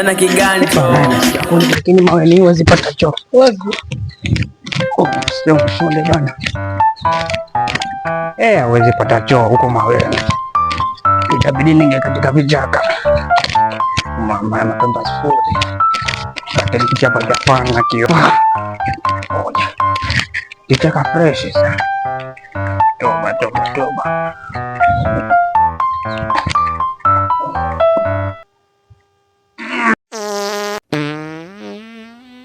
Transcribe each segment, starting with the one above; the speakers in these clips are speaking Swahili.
tena kiganjo, maweni huwezi pata choo oh, bana, Eh, huwezi pata choo huko maweni, itabidi ninge katika vichaka mama mapemba sifuri kichapa panga kio kichaka fresh sana. Toba, toba, toba.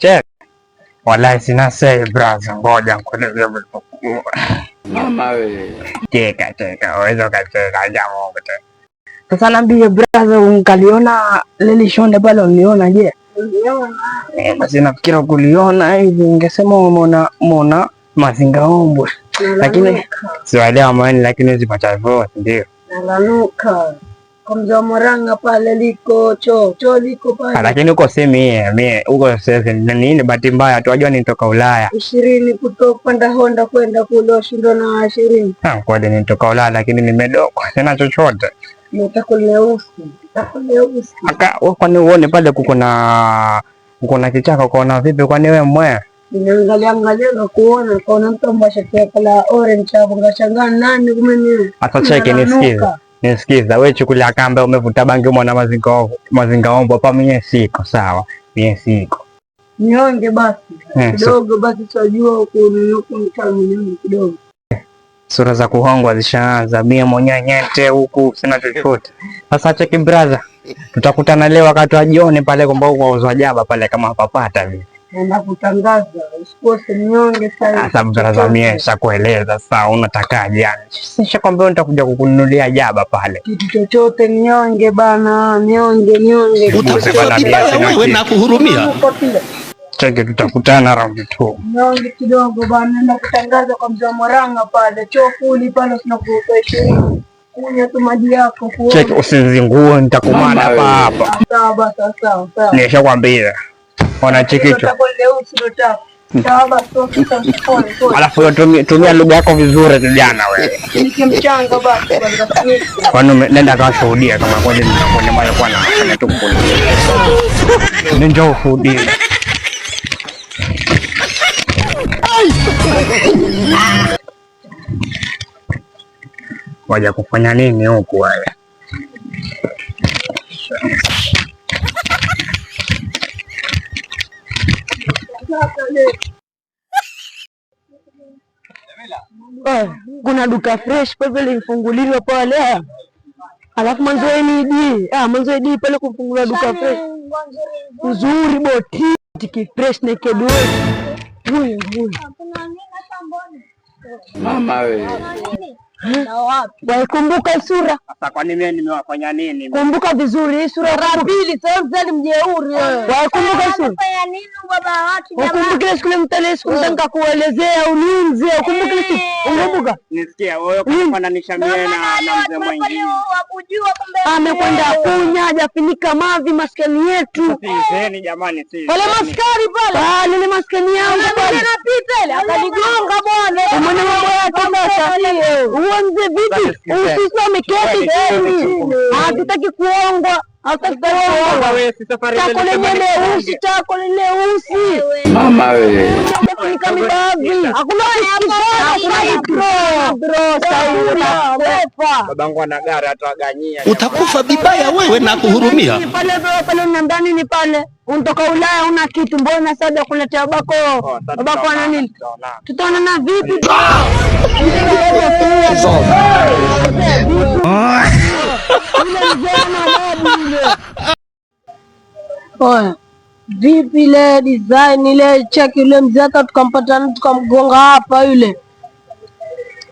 Check. Wallahi sina sei braza, ngoja nkueleze vilipokuwa. Mama wewe. Cheka cheka, waweza ukacheka jambo wote. Sasa niambie braza, unkaliona leli shonde pale uniona je? Eh, basi nafikira kuliona hivi ningesema umeona mona mazinga ombo. Lakini siwaelewa maana lakini zipata hivyo ndio. Nalaluka kwa mzee wa Mwaranga pale liko choo choo liko pale, ah, lakini huko si mie mie huko nini, bahati mbaya tu wajua nitoka Ulaya ishirini panda Honda kwenda kule washindo na ishirini ah, kweli, nitoka Ulaya lakini nimedokwa sina chochote. Kwani uone pale kuko na kuko na kichaka, ukaona vipi? Kwani wewe mwe Ninaangalia angalia na kuona kaona mtu ambaye shati yake la orange hapo ngashangaa nani kumeni. Hata cheki nisikize. Nisikiza we chukulia kamba umevuta bangi mwana mazinga ombo hapa, mie siko sawa, mie siko nionge basi eh, kidogo basi, tunajua kidogo. Sura za kuhongwa zishaanza, mie mwenyewe nyete huku sina chochote. Sasa cheki brother, tutakutana leo wakati wa jioni pale, kwamba jaba pale, kama hapapata vile naenda kutangaza usikose mnyonge. Sasa mtazamie, shakueleza saa unatakaje? Yani sisha kwambia nitakuja kukununulia jaba pale kitu chochote, nyonge bana, mnyonge mnyonge, wewe kuhurumia cheke, tutakutana round 2 nyonge kidogo bana, naenda kutangaza kwa mzee Moranga pale chofuli pale, tunakupa ishirini kunywa tu maji usizingue, nitakumana hapa hapa. nishakwambia wanachikichwa. Alafu tumia lugha yako vizuri, kijana wewe. Kwani nenda kashuhudia kama kweli ni ushuhudie. Waja kufanya nini huku wale? Eh, kuna duka fresh pale lilifunguliwa pale, alafu mwanzo ND ah, eh, mwanzo ND pale kufungula duka fresh uzuri boti tiki fresh na kedu mama wewe Waikumbuka sura. Sasa kwa nini mimi nimewafanya nini? Kumbuka vizuri hii sura ya pili, sasa ni mjeuri wewe. Waikumbuka sura. Unafanya nini baba watu jamaa? Ukumbuke ile siku mtale siku mtanga kuelezea ulinzi, ukumbuke ile siku. Eh. Unakumbuka? Nisikia wewe kwa kufananisha mimi na mzee mwingine. Wakujua kumbe amekwenda kunya hajafinika mavi maskani yetu. Sisi jamani sisi. Pale maskari pale. Ah, ni maskani yangu pale. Anapita ile akanigonga bwana. Mwana mambo yake sasa tuanze vipi? Usisi wameketi Hatutaki kuongwa Tako leusi, tako leusi mama babangu ana gari ataganyia, utakufa vibaya wewe, kuhurumia. pale pale nambani ni pale unatoka Ulaya una kitu, mbona sada kuletea bako oh, bako ana nini? Tutaonana vipi? Ah! Oya, vipi ile design ile, check yule mzee hata tukampata tukamgonga hapa yule.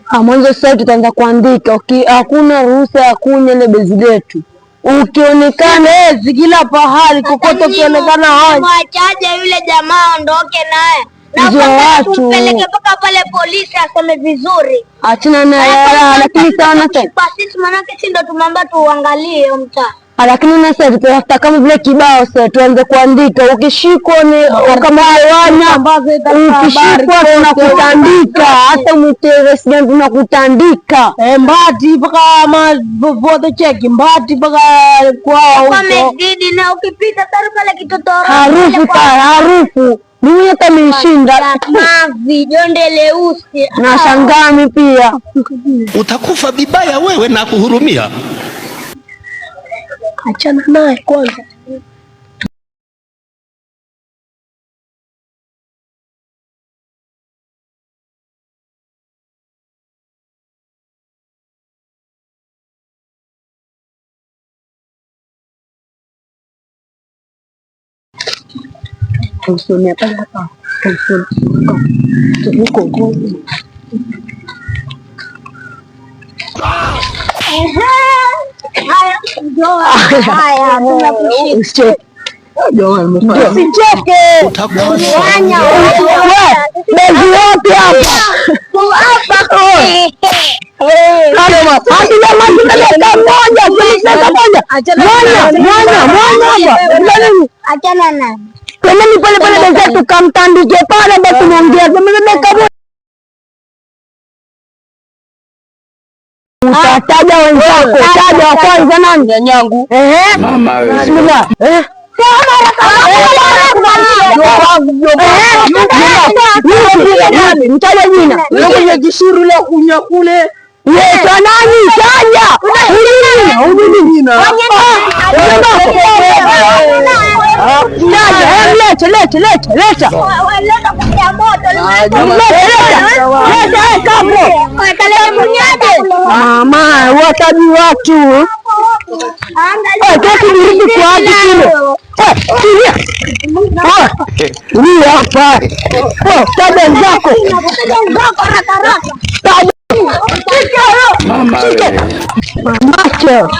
Ah, mwanzo sasa tutaanza kuandika, hakuna ruhusa ya kunya ile bezi letu ukionekana ezi eh, kila pahali kokote, ukionekana mwachaje yule jamaa aondoke naye peleke mpaka pale polisi asome vizuri, achana naye. Lakini sana sisi manake, si ndo tumeamba tuuangalie mtaa lakini nasi sasa kama vile kibao sasa tuanze kuandika, ukishikwa ni oh, kama ukishikwa tunakutandika, hata muteresi gani tunakutandika eh, mbati mpaka mavodhe cheki mbati mpaka kwa mezidi, na ukipita pale kitotoro harufu harufu hata tamishinda mavi jonde leusi na shangami pia utakufa vibaya wewe, na kuhurumia 같이 하나 있고 Thằng xuống nè bắt ra vào Thằng xuống cổng Tụi nó cổ cô Aha! bezi wote hapa hatujamaliza moja moja, twendeni pole pole, tukamtandike pale basi, mwongea Taja wenzako, taja wa kwanza nani? Nyanyangu. Eh? Mama wewe. Bismillah. Eh? Mtaja jina kunya kule nani? Taja jina leta leta leta mama, watabi watu taki nirudi kwa hadi hapa, tada zako mamacho